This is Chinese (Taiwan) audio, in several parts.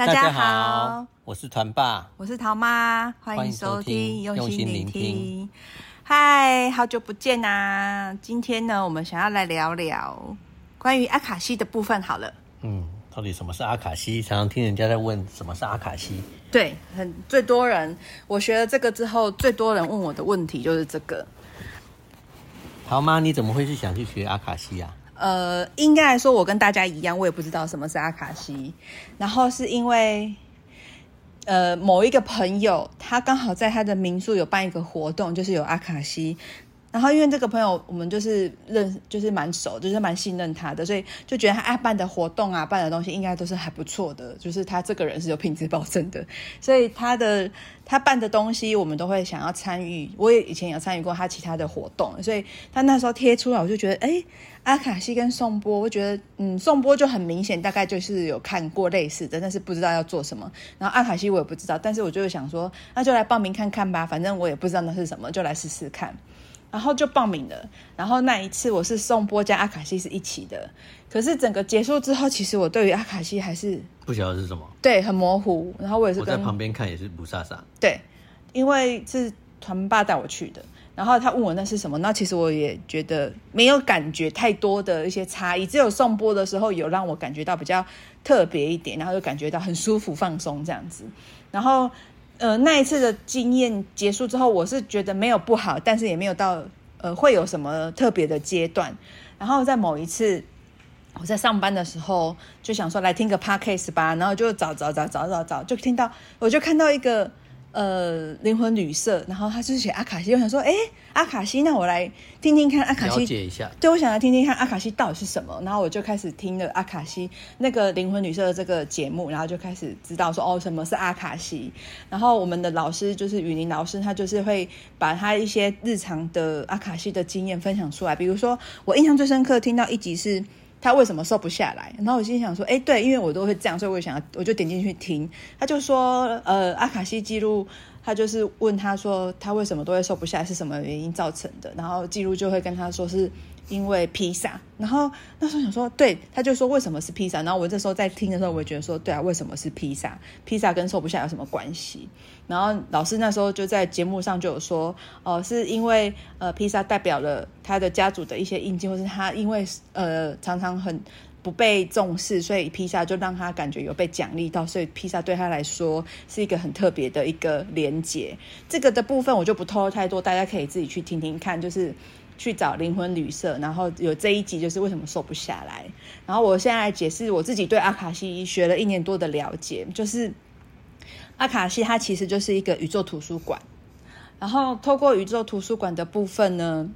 大家好，我是團爸，我是桃媽，歡迎收聽，用心聆聽。嗨，Hi, 好久不見啊！今天呢，我們想要來聊聊關於阿卡西的部分好了。嗯，到底什麼是阿卡西？常常聽人家在問什麼是阿卡西。對，很，最多人，我學了這個之後，最多人問我的問題就是這個。桃媽，你怎麼會是想去學阿卡西呀，啊？呃，應該來說，我跟大家一樣，我也不知道什麼是阿卡西。然後是因為，呃，某一個朋友，他剛好在他的民宿有辦一個活動，就是有阿卡西。然後因為這個朋友，我們就是認就是蠻熟，就是蠻信任他的，所以就覺得他愛辦的活動啊，辦的東西應該都是還不錯的，就是他這個人是有品質保證的，所以他的他辦的東西我們都會想要參與。我也以前有參與過他其他的活動，所以他那時候貼出來，我就覺得，誒，阿卡西跟宋波，我覺得嗯，宋波就很明顯，大概就是有看過類似的，但是不知道要做什麼。然後阿卡西我也不知道，但是我就是想說，那就來報名看看吧，反正我也不知道那是什麼，就來試試看。然後就報名了，然後那一次我是頌缽加阿卡西是一起的，可是整個結束之後，其實我對於阿卡西還是不曉得是什麼，對，很模糊。然後我也是我在旁邊看也是霧煞煞，對，因為是團爸帶我去的，然後他問我那是什麼，那其實我也覺得沒有感覺太多的一些差異，只有頌缽的時候有讓我感覺到比較特別一點，然後就感覺到很舒服放鬆這樣子，然後。呃，那一次的經驗結束之後，我是覺得沒有不好，但是也沒有到呃會有什麼特別的階段。然後在某一次我在上班的時候，就想說來聽個 podcast 吧，然後就找找找找找找，就聽到我就看到一個。呃，靈魂旅社，然後他就是寫阿卡西，我想說，哎，阿卡西，那我來聽聽看阿卡西，了解一下，對，我想要聽聽看阿卡西到底是什麼？然後我就開始聽了阿卡西那個靈魂旅社的這個節目，然後就開始知道說，哦，什麼是阿卡西，然後我們的老師就是雨林老師，他就是會把他一些日常的阿卡西的經驗分享出來，比如說我印象最深刻聽到一集是。他為什麼瘦不下來？然後我心裡想說，哎、欸，對，因為我都會這樣，所以我想，我就點進去聽。他就說，呃，阿卡西記錄，他就是問他說，他為什麼都會瘦不下來，是什麼原因造成的？然後記錄就會跟他說是。因為披薩，然後那時候想說，對，他就說為什麼是披薩？然後我這時候在聽的時候，我就覺得說，對啊，為什麼是披薩？披薩跟瘦不下有什麼關係？然後老師那時候就在節目上就有說，哦、呃，是因為呃，披薩代表了他的家族的一些印記，或是他因為呃常常很不被重視，所以披薩就讓他感覺有被獎勵到，所以披薩對他來說是一個很特別的一個連接。這個的部分我就不透露太多，大家可以自己去聽聽看，就是。去找靈魂旅社，然後有這一集就是為什麼瘦不下來。然後我現在來解釋我自己對阿卡西學了一年多的了解，就是阿卡西它其實就是一個宇宙圖書館。然後透過宇宙圖書館的部分呢，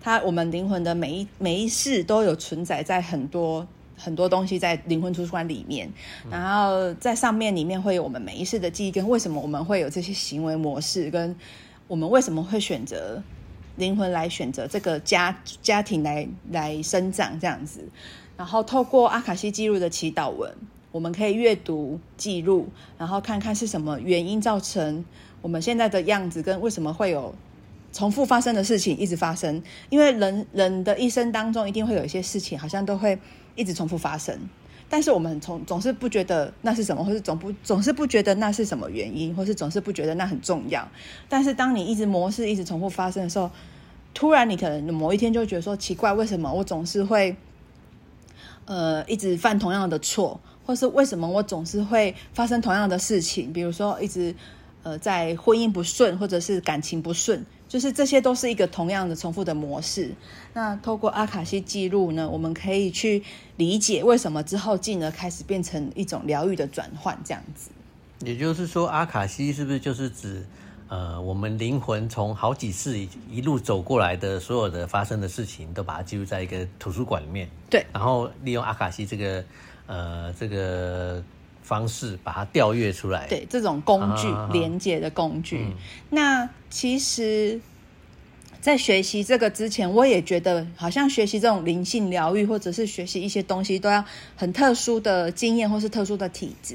它我們靈魂的每一每一世都有存在在很多很多東西在靈魂圖書館裡面，然後在上面裡面會有我們每一世的記憶跟為什麼我們會有這些行為模式，跟我們為什麼會選擇。靈魂來選擇這個家家庭來來生長這樣子，然後透過阿卡西記錄的祈禱文，我們可以閱讀記錄，然後看看是什麼原因造成我們現在的樣子，跟為什麼會有重複發生的事情一直發生，因為人人的一生當中，一定會有一些事情，好像都會一直重複發生。但是我們從總是不覺得那是什麼，或是總不總是不覺得那是什麼原因，或是總是不覺得那很重要。但是當你一直模式一直重複發生的時候，突然你可能某一天就覺得說，奇怪，為什麼我總是會，呃，一直犯同樣的錯，或是為什麼我總是會發生同樣的事情？比如說一直。呃，在婚姻不順或者是感情不順，就是這些都是一個同樣的重複的模式。那透過阿卡西記錄呢，我們可以去理解為什麼之後進而開始變成一種療癒的轉換，這樣子。也就是說，阿卡西是不是就是指呃，我們靈魂從好幾世一路走過來的所有的發生的事情，都把它記錄在一個圖書館裡面？對。然後利用阿卡西這個呃這個。方式把它調閱出來。對，這種工具、啊、哈哈連接的工具。嗯、那其實，在學習這個之前，我也覺得好像學習這種靈性療癒，或者是學習一些東西，都要很特殊的經驗，或是特殊的體質。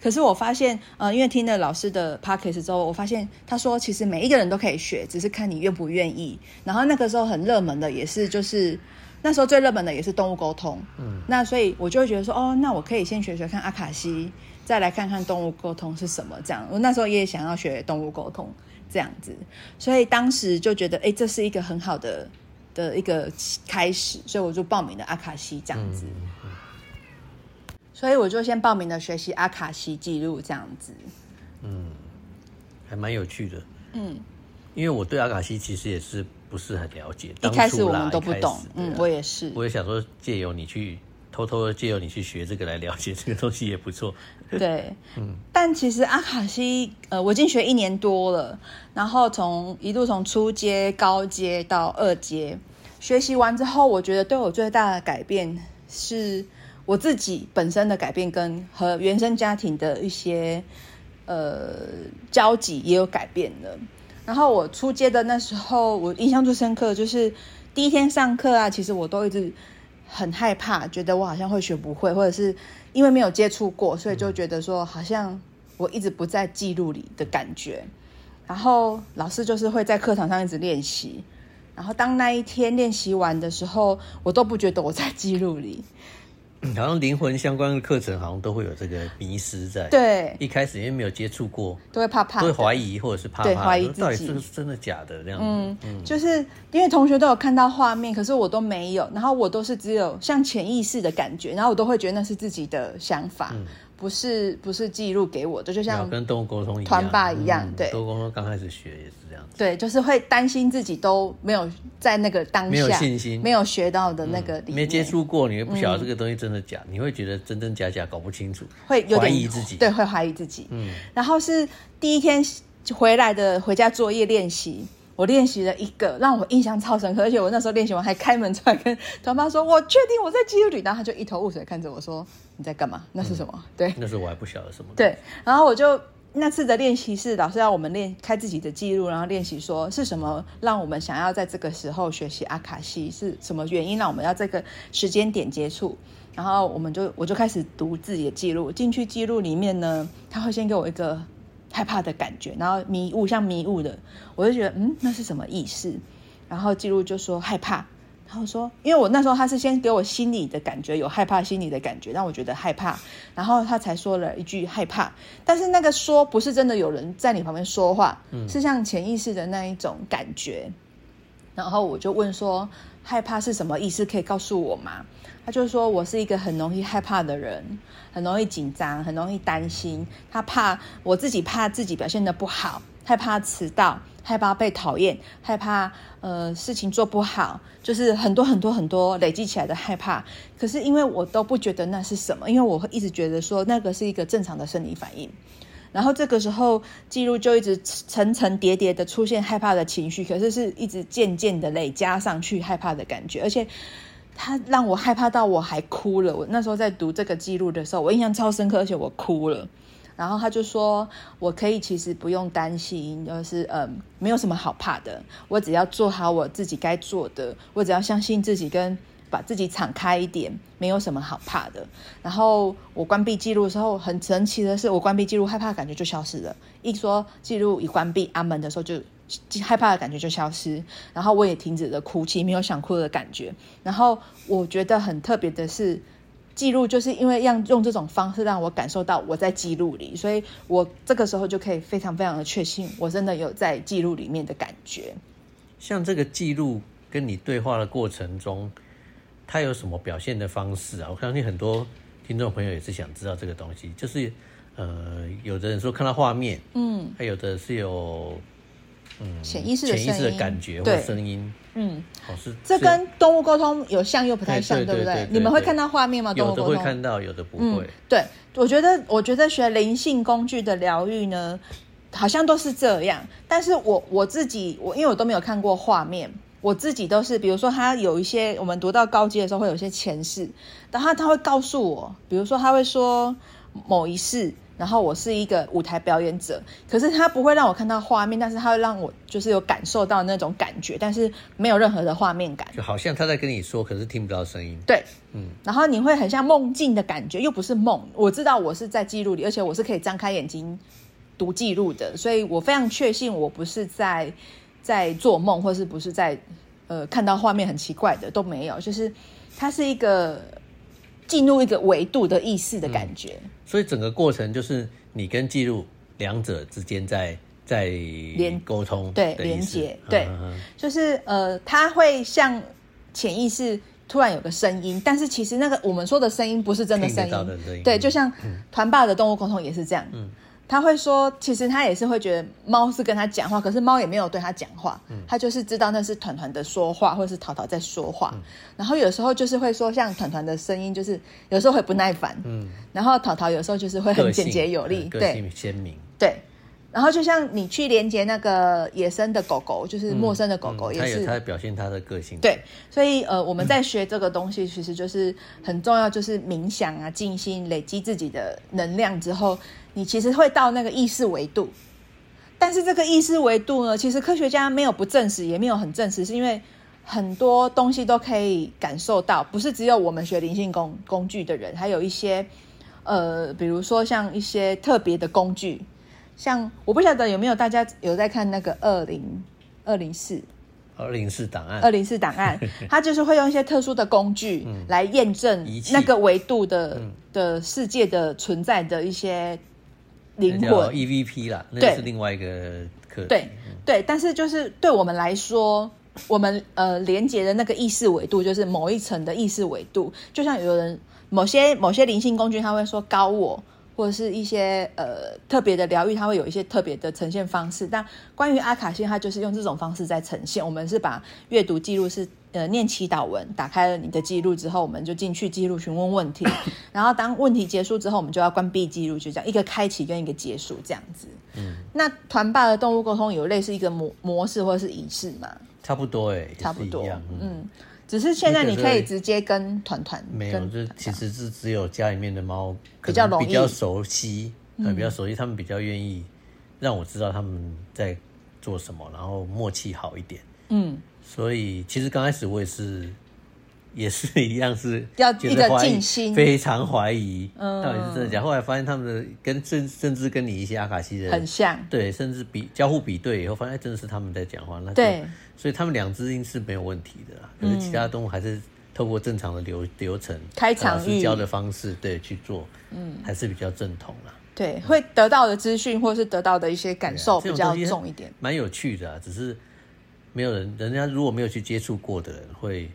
可是我發現，呃，因為聽了老師的 Podcast 之後，我發現他說，其實每一個人都可以學，只是看你願不願意。然後那個時候很熱門的也是就是。那時候最熱門的也是動物溝通，嗯、那所以我就會覺得說，哦，那我可以先學學看阿卡西，再來看看動物溝通是什麼這樣。我那時候也想要學動物溝通這樣子，所以當時就覺得，哎、欸，這是一個很好的的一個開始，所以我就報名了阿卡西這樣子。嗯嗯、所以我就先報名了學習阿卡西記錄這樣子。嗯，還蠻有趣的。嗯，因為我對阿卡西其實也是。不是很了解，一開始我們都不懂，嗯，我也是，我也想說，借由你去偷偷的借由你去學這個來了解這個東西也不錯，對，嗯，但其實阿卡西，呃，我已經學一年多了，然後從一路從初階、高階到二階學習完之後，我覺得對我最大的改變是我自己本身的改變，跟和原生家庭的一些呃交集也有改變了。然後我初階的那時候，我印象最深刻就是第一天上課啊，其實我都一直很害怕，覺得我好像會學不會，或者是因為沒有接觸過，所以就覺得說好像我一直不在記錄裡的感覺。然後老師就是會在課堂上一直練習，然後當那一天練習完的時候，我都不覺得我在記錄裡。好像靈魂相關的課程，好像都會有這個迷失在。對，一開始因為沒有接觸過，都會怕怕，都會懷疑，或者是怕怕，對，到底是真的假的這樣子。嗯，嗯，就是因為同學都有看到畫面，可是我都沒有，然後我都是只有像潛意識的感覺，然後我都會覺得那是自己的想法。嗯不是不是記錄給我的，就像跟動物溝通一樣，團爸一樣，嗯、對，動物溝通剛開始學也是這樣子，對，就是會擔心自己都沒有在那個當下沒有信心，沒有學到的那個裡面，嗯，沒接觸過，你會不曉得這個東西真的假？嗯，你會覺得真真假假搞不清楚，會有點懷疑自己，對，會懷疑自己，嗯，然後是第一天回來的回家作業練習。我練習了一個讓我印象超深刻，而且我那時候練習完還開門出來跟他媽說：“我確定我在記錄裡。”然後他就一頭霧水看着我說：“你在幹嘛？那是什麼？”嗯、對，那時候我還不曉得什麼。對，然後我就那次的練習是老師要我們練開自己的記錄，然後練習說是什麼讓我們想要在這個時候學習阿卡西，是什麼原因讓我們要這個時間點接觸，然後我們就我就開始讀自己的記錄。進去記錄裡面呢，他會先給我一個。害怕的感覺，然後迷霧像迷霧的，我就覺得嗯，那是什麼意思？然後記錄就說害怕，然後說，因為我那時候他是先給我心裡的感覺，有害怕心理的感覺，讓我覺得害怕，然後他才說了一句害怕。但是那個說不是真的有人在你旁邊說話，是像潛意識的那一種感覺。然後我就問說，害怕是什麼意思？可以告訴我嗎？他就是說，我是一個很容易害怕的人，很容易緊張，很容易擔心。他怕我自己怕自己表現得不好，害怕遲到，害怕被討厭，害怕呃事情做不好，就是很多很多很多累積起來的害怕。可是因為我都不覺得那是什麼，因為我會一直覺得說那個是一個正常的生理反應。然後這個時候記錄就一直層層疊疊的出現害怕的情緒，可是是一直漸漸的累加上去害怕的感覺，而且他讓我害怕到我還哭了。我那時候在讀這個記錄的時候，我印象超深刻，而且我哭了。然後他就說，我可以其實不用擔心，就是嗯，沒有什麼好怕的，我只要做好我自己該做的，我只要相信自己跟。把自己敞開一點，沒有什麼好怕的。然後我關閉記錄的時候，很神奇的是，我關閉記錄，害怕的感覺就消失了。一說記錄一關閉，阿門的時候就，就害怕的感覺就消失。然後我也停止了哭泣，沒有想哭的感覺。然後我覺得很特別的是，記錄就是因為要用這種方式讓我感受到我在記錄裡，所以我這個時候就可以非常非常的確信，我真的有在記錄裡面的感覺。像這個記錄跟你對話的過程中。它有什麼表現的方式啊？我相信很多聽眾朋友也是想知道這個東西，就是呃，有的人說看到畫面，嗯，還有的是有嗯潛意識的潛意識的感覺或聲音，嗯，好、哦、是這跟動物溝通有像又不太像，對，對，對，對，對，對不對？你們會看到畫面嗎？有的會看到，有的不會。嗯、對，我覺得我覺得學靈性工具的療癒呢，好像都是這樣，但是我我自己我因為我都沒有看過畫面。我自己都是，比如說他有一些，我們讀到高階的時候會有一些前世，然後他，他會告訴我，比如說他會說某一世，然後我是一個舞台表演者，可是他不會讓我看到畫面，但是他會讓我就是有感受到那種感覺，但是沒有任何的畫面感，就好像他在跟你說，可是聽不到聲音。對，嗯，然後你會很像夢境的感覺，又不是夢，我知道我是在紀錄裡，而且我是可以張開眼睛讀紀錄的，所以我非常確信我不是在。在做夢，或是不是在，呃，看到畫面很奇怪的都沒有，就是它是一個進入一個維度的意識的感覺、嗯。所以整個過程就是你跟記錄兩者之間在在溝連溝通、連接，對，就是呃，他會像潛意識突然有個聲音，但是其實那個我們說的聲音不是真的聲音，聲音對，就像團爸的動物溝通也是這樣，嗯。嗯他會說，其實他也是會覺得貓是跟他講話，可是貓也沒有對他講話。嗯，他就是知道那是團團的說話，或是淘淘在說話。嗯、然後有時候就是會說，像團團的聲音，就是有時候會不耐煩、嗯。嗯，然後淘淘有時候就是會很簡潔有力。嗯、個性鮮明。對，然後就像你去連接那個野生的狗狗，就是陌生的狗狗，也是、嗯嗯、他，他表現他的個性的。對，所以呃，我們在學這個東西，其實就是、嗯、很重要，就是冥想啊、靜心，累積自己的能量之後。你其實會到那個意識維度，但是這個意識維度呢，其實科學家沒有不證實，也沒有很證實，是因為很多東西都可以感受到，不是只有我們學靈性工工具的人，還有一些呃，比如說像一些特別的工具，像我不曉得有沒有大家有在看那個二零二零四二零四檔案，二零四檔案，他 就是會用一些特殊的工具來驗證、嗯、那個維度的的世界的存在的一些。靈魂 EVP 啦，對那是另外一個課題。對、嗯、對，但是就是對我們來說，我們呃連接的那個意識維度，就是某一層的意識維度。就像有人某些某些靈性工具，他會說高我。或者是一些呃特別的療癒，它會有一些特別的呈現方式。但關於阿卡西，它就是用這種方式在呈現。我們是把閱讀記錄是呃念祈禱文，打開了你的記錄之後，我們就進去記錄詢問問題。 然後當問題結束之後，我們就要關閉記錄，就這樣一個開啟跟一個結束這樣子。嗯，那團霸的動物溝通有類似一個模模式或是儀式嗎？差不多哎，差不多，嗯。嗯只是現在你可以直接跟團團，所以所以沒有，跟團團就其實是只有家裡面的貓比，比較容易，比較熟悉，比較熟悉，他們比較願意讓我知道他們在做什麼，然後默契好一點。嗯，所以其實剛開始我也是。也是一樣，是要一個靜心，非常懷疑到底是真的假。後來發現他們的跟甚甚至跟你一些阿卡西人很像，對，甚至比交互比對以後發現真的是他們在講話。那對，所以他們兩隻音是沒有問題的，可是其他動物還是透過正常的流流程、開場預交的方式對去做，嗯，還是比較正統啦、啊。對，會得到的資訊或者是得到的一些感受比較重一點，蠻有趣的，只是沒有人，人家如果沒有去接觸過的人會。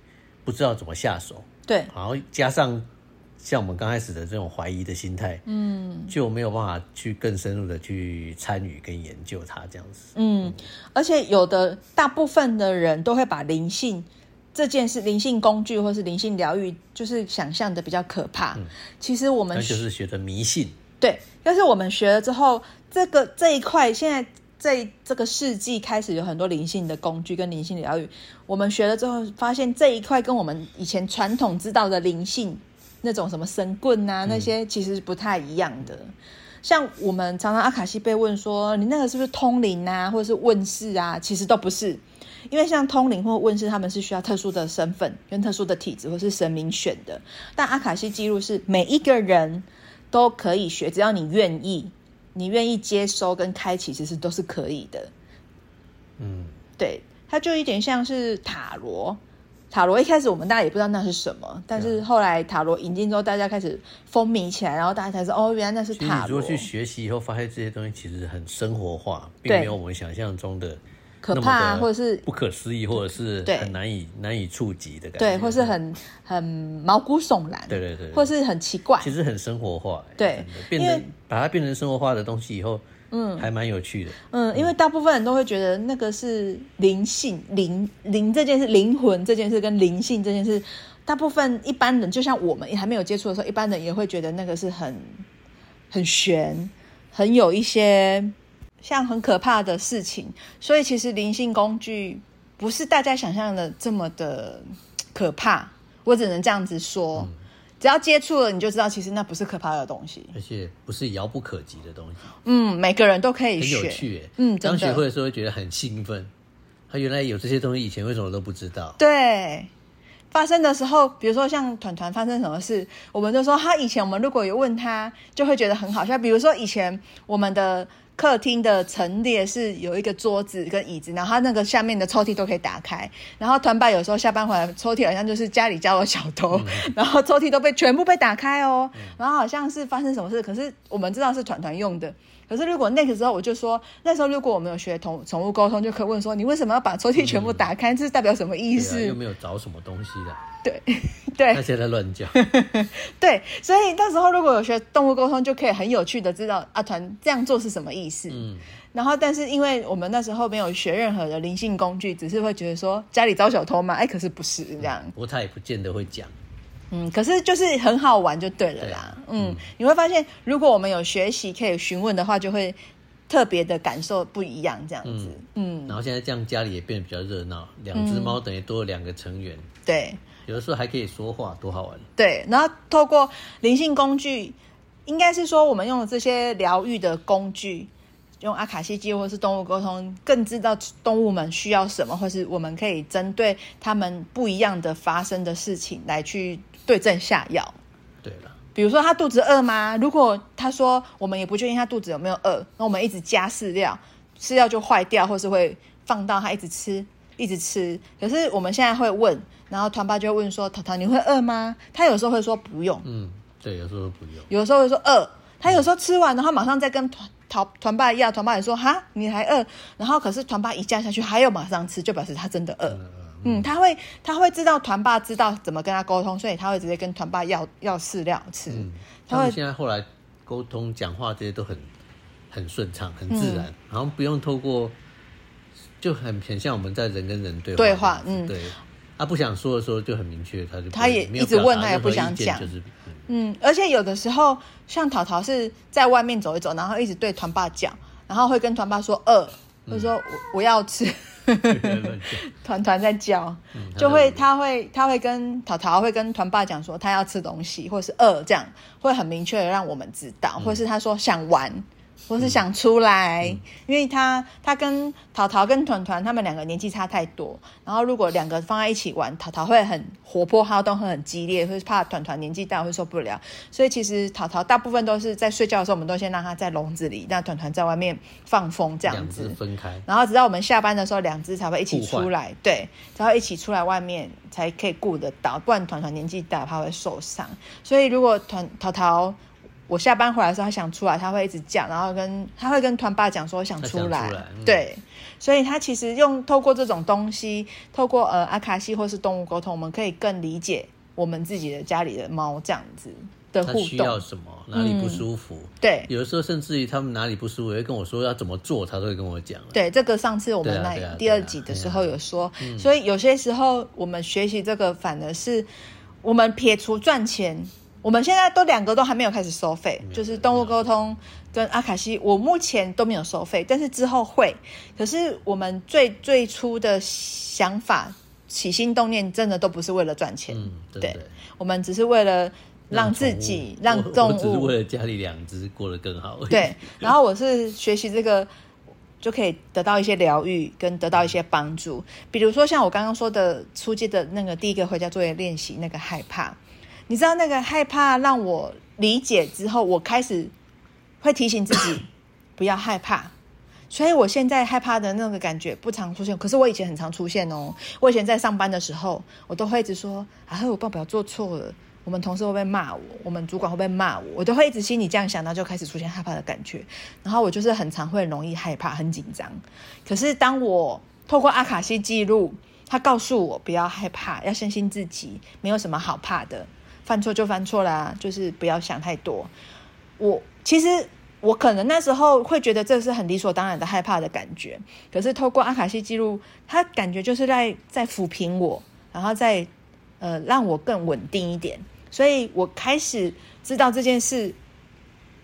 不知道怎麼下手，對，然後加上像我們剛開始的這種懷疑的心態，嗯，就沒有辦法去更深入的去參與跟研究它這樣子。嗯、嗯，而且有的大部分的人都會把靈性這件事、靈性工具或是靈性療癒，就是想象的比較可怕。嗯，其實我們就是學的迷信，對。但是我們學了之後，這個這一塊現在。在這個世紀開始，有很多靈性的工具跟靈性療癒。我們學了之後，發現這一塊跟我們以前傳統知道的靈性那種什麼神棍啊那些，其實不太一樣的。像我們常常阿卡西被問說：“你那個是不是通靈啊，或者是問事啊？”其實都不是，因為像通靈或問事，他們是需要特殊的身份跟特殊的體質，或是神明選的。但阿卡西記錄是每一個人都可以學，只要你願意。你願意接收跟開啟，其實都是可以的。嗯，對，它就有點像是塔羅。塔羅一開始我們大家也不知道那是什麼，但是後來塔羅引進之後，大家開始風靡起來，然後大家才說：“哦，原來那是塔羅。”你如果去學習以後，發現這些東西其實很生活化，並沒有我們想象中的。可怕，或者是不可思議，或者，對或者是很難以難以觸及的感覺，對，或是很很毛骨悚然，對，對對對，或是很奇怪。其實很生活化，對，嗯、變因成為，把它變成生活化的東西以後，嗯，還蠻有趣的。嗯，嗯嗯因為大部分人都會覺得那個是靈性靈靈這件事，靈魂這件事跟靈性這件事，大部分一般人就像我們也還沒有接觸的時候，一般人也會覺得那個是很很玄，很有一些。像很可怕的事情，所以其實靈性工具不是大家想象的這麼的可怕。我只能這樣子說，嗯，只要接觸了你就知道，其實那不是可怕的東西，而且不是遙不可及的東西。嗯，每個人都可以學，嗯，剛學會的時候會覺得很興奮，他原來有這些東西，以前為什麼都不知道？對，發生的時候，比如說像團團發生什麼事，我們就說他以前我們如果有問他，就會覺得很好笑。比如說以前我們的。客廳的陳列是有一個桌子跟椅子，然後他那個下面的抽屜都可以打開。然後團爸有時候下班回來，抽屜好像就是家裡遭了小偷，嗯、然後抽屜都被全部被打開哦。嗯、然後好像是發生什麼事，可是我們知道是團團用的。可是如果那個時候我就說，那時候如果我們有學寵寵物溝通，就可以問說，你為什麼要把抽屜全部打開？這、嗯嗯、是代表什麼意思、啊？又沒有找什麼東西的。對。對，他現在亂叫 對，所以到時候如果有學動物溝通，就可以很有趣的知道阿、啊、團這樣做是什麼意思？嗯，然後但是因為我們那時候沒有學任何的靈性工具，只是會覺得說家裡遭小偷嘛，哎、欸，可是不是這樣。嗯，不過他也不見得會講。嗯，可是就是很好玩就對了啦。對嗯，嗯，你會發現如果我們有學習可以詢問的話，就會特別的感受不一樣，這樣子。嗯，然後現在這樣家裡也變得比較熱鬧，兩只貓等於多了兩個成員。嗯、對。有的時候還可以說話，多好玩！對，然後透過靈性工具，應該是說我們用這些療癒的工具，用阿卡西記錄或是動物溝通，更知道動物們需要什麼，或是我們可以針對他們不一樣的發生的事情來去對症下藥。對了啦，比如說他肚子餓嗎？如果他說我們也不確定他肚子有沒有餓，那我們一直加飼料，飼料就壞掉，或是會放到他一直吃，一直吃。可是我們現在會問。然後團爸就問說：“淘淘，你會餓嗎？”他有時候會說：“不用。”嗯，對，有時候不用，有時候會說餓。他有時候吃完，然後馬上再跟團淘團爸要，團爸也、啊、說：“哈，你還餓？”然後可是團爸一降下去，還有馬上吃，就表示他真的餓。嗯，嗯，嗯，他會他會知道團爸知道怎麼跟他溝通，所以他會直接跟團爸要要飼料吃。嗯，他會他們現在後來溝通講話這些都很很順暢，很自然，嗯、然後不用透過就很很像我們在人跟人對話。對話，嗯，對。他不想說的時候就很明確，他就他也一直問，他也不想講。就是，嗯，而且有的時候，像淘淘是在外面走一走，然後一直對團爸講，然後會跟團爸說餓，嗯，就是說我，我要吃。團 團 在叫，就會，嗯，他，他會他會跟淘淘會跟團爸講說他要吃東西，或者是餓這樣，會很明確的讓我們知道，嗯，或是他說想玩。我是想出來。嗯嗯、因為他他跟淘淘跟團團他們兩個年紀差太多，然後如果兩個放在一起玩，淘淘會很活潑、好動，會很激烈，會怕團團年紀大會受不了，所以其實淘淘大部分都是在睡覺的時候，我們都先讓他在籠子裡，讓團團在外面放風，這樣子分開，然後直到我們下班的時候，兩隻才會一起出來、互換。對，然後一起出來外面才可以顧得到，不然團團年紀大會受傷，所以如果團淘淘。桃桃我下班回來的時候他他，他想，他想出來，他會一直講然後跟他會跟團爸講說想出來。對，嗯、所以他其實用透過這種東西，透過呃阿卡西或是動物溝通，我們可以更理解我們自己的家裡的貓這樣子的互動。他需要什麼？哪裡不舒服？嗯、對，有的時候甚至於他們哪裡不舒服，會跟我說要怎麼做，他都會跟我講。對，這個上次我們那、啊啊、第二集的時候有說，啊啊啊、所以有些時候我們學習這個，反而是我們撇除賺錢。我們現在都兩個都還沒有開始收費，有就是動物溝通跟阿卡西，有我目前都沒有收費，但是之後會。可是我們最最初的想法、起心動念，真的都不是為了賺錢，嗯、對，對讓 我們只是為了讓自己讓動物，我只是為了家裡兩隻過得更好。對， 然後我是學習這個就可以得到一些療癒跟得到一些幫助，比如說像我剛剛說的初級的那個第一個回家作業練習那個害怕。你知道那個害怕讓我理解之後，我開始會提醒自己不要害怕， 所以我現在害怕的那個感覺不常出現。可是我以前很常出現哦。我以前在上班的時候，我都會一直說：“啊、哎，我報表做錯了，我們同事會不會罵我，我們主管會不會罵我。”我都會一直心裡這樣想，然後就開始出現害怕的感覺。然後我就是很常會容易害怕、很緊張。可是當我透過阿卡西記錄，他告訴我不要害怕，要相信自己，沒有什麼好怕的。犯錯就犯錯啦，就是不要想太多。我其實我可能那時候會覺得這是很理所當然的害怕的感覺，可是透過阿卡西記錄，它感覺就是在在撫平我，然後再呃讓我更穩定一點。所以我開始知道這件事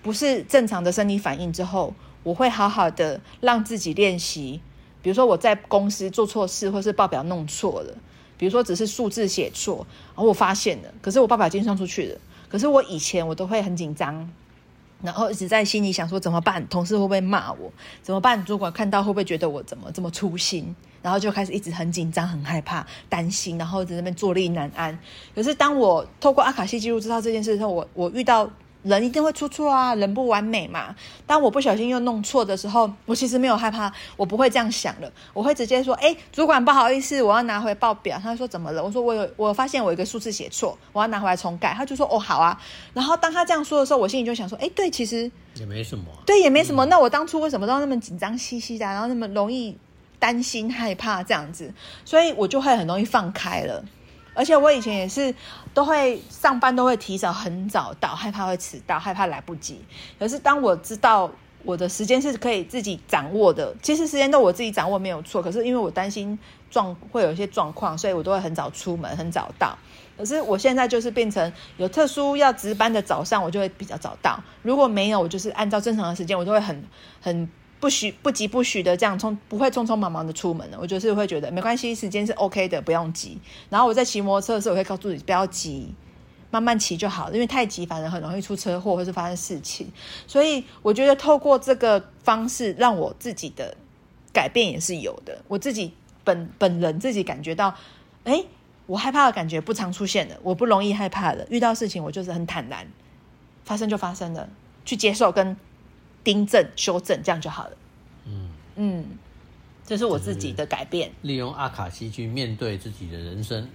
不是正常的生理反應之後，我會好好的讓自己練習。比如說我在公司做錯事，或是報表弄錯了。比如說，只是數字寫錯，然後我發現了，可是我報表已經算出去了。可是我以前我都會很緊張，然後一直在心裡想說，怎麼辦？同事會不會罵我？怎麼辦？主管看到會不會覺得我怎麼這麼粗心？然後就開始一直很緊張、很害怕、擔心，然後一直在那邊坐立難安。可是當我透過阿卡西記錄知道這件事的時候，我我遇到。人一定會出錯啊，人不完美嘛。當我不小心又弄錯的時候，我其實沒有害怕，我不會這樣想了，我會直接說：“哎、欸，主管不好意思，我要拿回報表。”他說：“怎麼了？”我說：“我有，我發現我一個數字寫錯，我要拿回來重改。”他就說：“哦，好啊。”然後當他這樣說的時候，我心裡就想說：“哎、欸，對，其實也沒什麼，對，也沒什麼。嗯、那我當初為什麼都那麼緊張兮兮的、啊，然後那麼容易擔心害怕這樣子？所以我就會很容易放開了。”而且我以前也是，都會上班都會提早很早到，害怕會遲到，害怕來不及。可是當我知道我的時間是可以自己掌握的，其實時間都我自己掌握沒有錯。可是因為我擔心狀，會有一些狀況，所以我都會很早出門，很早到。可是我現在就是變成有特殊要值班的早上，我就會比較早到。如果沒有，我就是按照正常的時間，我都會很很。不許不急不徐的這樣匆，不會匆匆忙忙的出門了。我就是會覺得沒關係，時間是 OK 的，不用急。然後我在騎摩托車的時候，我會告訴你不要急，慢慢騎就好了。因為太急，反而很容易出車禍或是發生事情。所以我覺得透過這個方式，讓我自己的改變也是有的。我自己本本人自己感覺到，哎，我害怕的感覺不常出現的，我不容易害怕的，遇到事情，我就是很坦然，發生就發生了，去接受跟，訂正、修正，這樣就好了。嗯嗯，這是我自己的改變。利用阿卡西去面對自己的人生，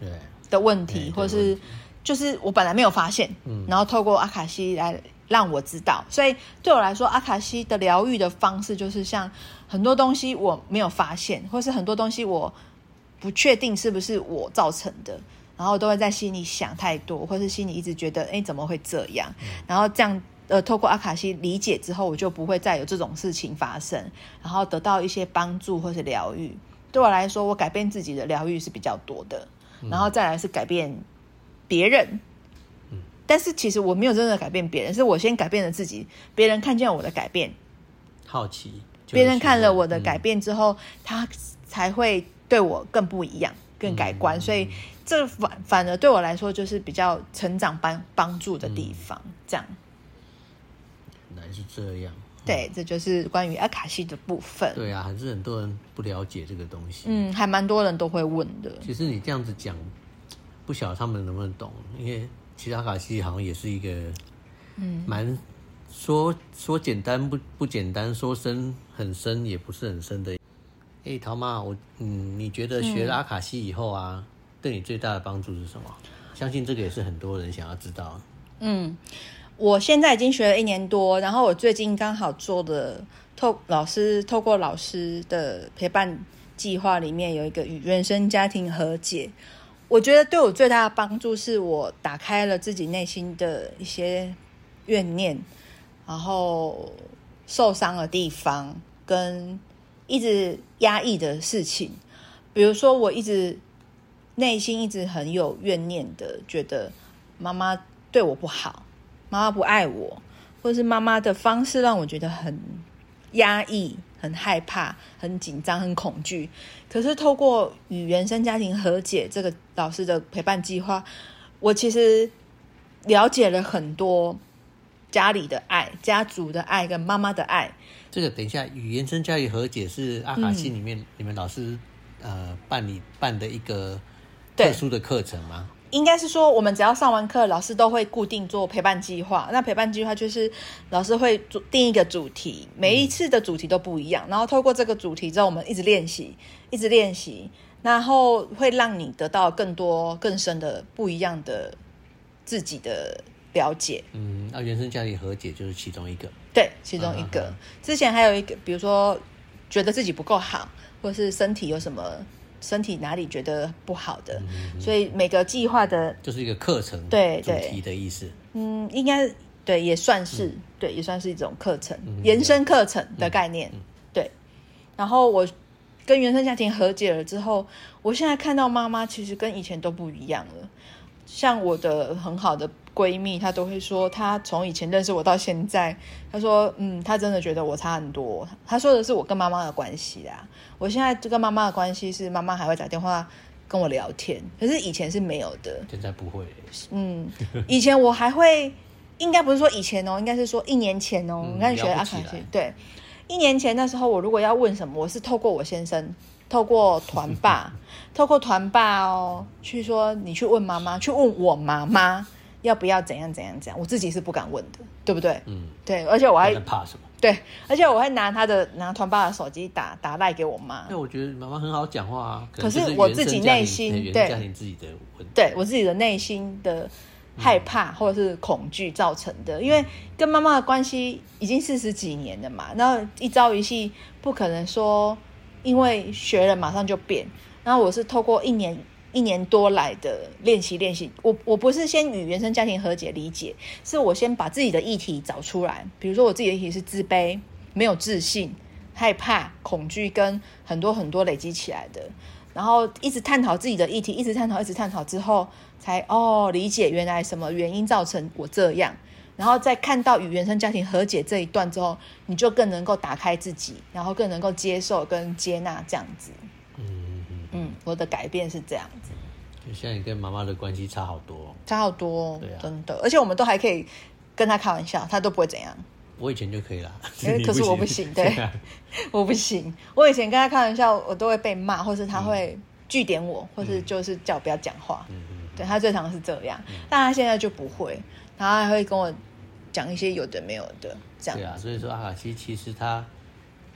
對的問題，或是就是我本來沒有發現，嗯，然後透過阿卡西來讓我知道。所以對我來說，阿卡西的療癒的方式，就是像很多東西我沒有發現，或是很多東西我不確定是不是我造成的，然後都會在心裡想太多，或是心裡一直覺得，哎，怎麼會這樣？然後這樣。呃，透過阿卡西理解之後，我就不會再有這種事情發生，然後得到一些幫助或是療癒。對我來說，我改變自己的療癒是比較多的，然後再來是改變別人。嗯、但是其實我沒有真的改變別人，是我先改變了自己，別人看見我的改變，好奇，別人看了我的改變之後，他、嗯、才會對我更不一樣，更改觀。嗯、所以這反反而對我來說，就是比較成長幫幫助的地方，嗯、這樣。本來是這樣，對，嗯、這就是關於阿卡西的部分。對啊，還是很多人不了解這個東西。嗯，還蠻多人都會問的。其實你這樣子講，不曉得他們能不能懂，因為其實阿卡西好像也是一個，嗯，蠻說說簡單不不簡單，說深很深也不是很深的。哎、欸，陶媽，我嗯，你覺得學了阿卡西以後啊，嗯、對你最大的幫助是什麼？相信這個也是很多人想要知道。嗯。我現在已經學了一年多，然後我最近剛好做的透老師透過老師的陪伴計劃裡面有一個與原生家庭和解，我覺得對我最大的幫助是我打開了自己內心的一些怨念，然後受傷的地方跟一直壓抑的事情，比如說我一直內心一直很有怨念的，覺得媽媽對我不好。媽媽不愛我，或是媽媽的方式讓我覺得很壓抑、很害怕、很緊張、很恐懼。可是透過與原生家庭和解這個老師的陪伴計劃，我其實了解了很多家裡的愛、家族的愛跟媽媽的愛。這個等一下與原生家庭和解是阿卡西裡面、嗯、你們老師呃辦理辦的一個特殊的課程嗎？應該是說，我們只要上完課，老師都會固定做陪伴計劃。那陪伴計劃就是老師會做定一個主題，每一次的主題都不一樣。嗯、然後透過這個主題，之後我們一直練習，一直練習，然後會讓你得到更多、更深的不一樣的自己的了解。嗯，那原生家庭和解就是其中一個，對，其中一個。啊、哈哈之前還有一個，比如說覺得自己不夠好，或是身體有什麼。身體哪裡覺得不好的，嗯、所以每個計劃的就是一個課程，對對，主題的意思，嗯，應該對也算是，嗯、對也算是一種課程、嗯、延伸課程的概念，對。然後我跟原生家庭和解了之後，我現在看到媽媽其實跟以前都不一樣了，像我的很好的閨蜜她都會說，她從以前認識我到現在，她說，嗯，她真的覺得我差很多。她說的是我跟媽媽的關係啦。我現在就跟媽媽的關係是，媽媽還會打電話跟我聊天，可是以前是沒有的。現在不會。嗯，以前我還會，應該不是說以前哦，應該是說一年前哦，嗯、你看你學的阿卡西對，一年前那時候，我如果要問什麼，我是透過我先生，透過團爸， 透過團爸哦，去說你去問媽媽，去問我媽媽。要不要怎樣怎樣怎樣？我自己是不敢問的，對不對？嗯，對。而且我還怕什麼？對，而且我還拿他的拿團爸的手機打打賴、like、給我媽。那我覺得你媽媽很好講話啊。可,是,可是我自己內心,內心對家庭對自己的問題，對我自己的內心的害怕或者是恐懼造成的，嗯、因為跟媽媽的關係已經四十幾年了嘛，那一朝一夕不可能說因為學了馬上就變。然後我是透過一年。一年多來的練習，練習我我不是先與原生家庭和解理解，是我先把自己的議題找出來，比如說我自己的議題是自卑、沒有自信、害怕、恐懼跟很多很多累積起來的，然後一直探討自己的議題，一直探討，一直探討之後，才哦理解原來什麼原因造成我這樣，然後再看到與原生家庭和解這一段之後，你就更能夠打開自己，然後更能夠接受跟接納這樣子。我的改變是這樣子，現在你跟媽媽的關係差好多，差好多。對啊，真的，而且我們都還可以跟她開玩笑，她都不會怎樣。我以前就可以了， 可是我不行，對， 對啊，我不行。我以前跟她開玩笑，我都會被罵，或是她會句點我，或是就是叫我不要講話。嗯嗯，對，她最常是這樣，嗯、但她現在就不會，然後她還會跟我講一些有的沒有的這樣。對啊，所以說阿卡西其實他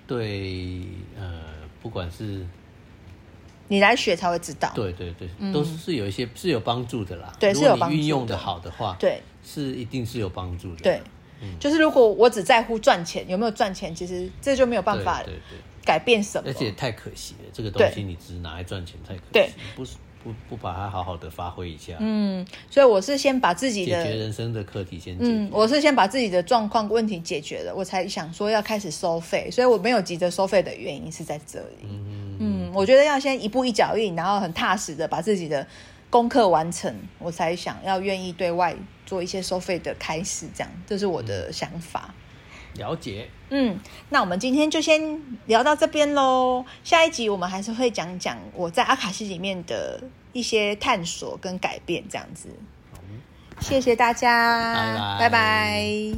對呃不管是。你來學才會知道，對對對，都是是有一些是有幫助的啦。對，如果你運用的好的話，對，是一定是有幫助的。對，就是如果我只在乎賺錢，有沒有賺錢，其實這就沒有辦法改變什麼。而且也太可惜了，這個東西你只拿來賺錢太可惜。對，不是不不把它好好的發揮一下。嗯，所以我是先把自己的解決人生的課題先解決。我是先把自己的狀況問題解決了，我才想說要開始收費。所以我沒有急着收費的原因是在這裡。嗯，我覺得要先一步一腳印，然後很踏實的把自己的功課完成，我才想要願意對外做一些收費的開始，這樣，這是我的想法。嗯、了解。嗯，那我們今天就先聊到這邊嘍，下一集我們還是會講講我在阿卡西裡面的一些探索跟改變，這樣子。好，謝謝大家，啊、拜拜。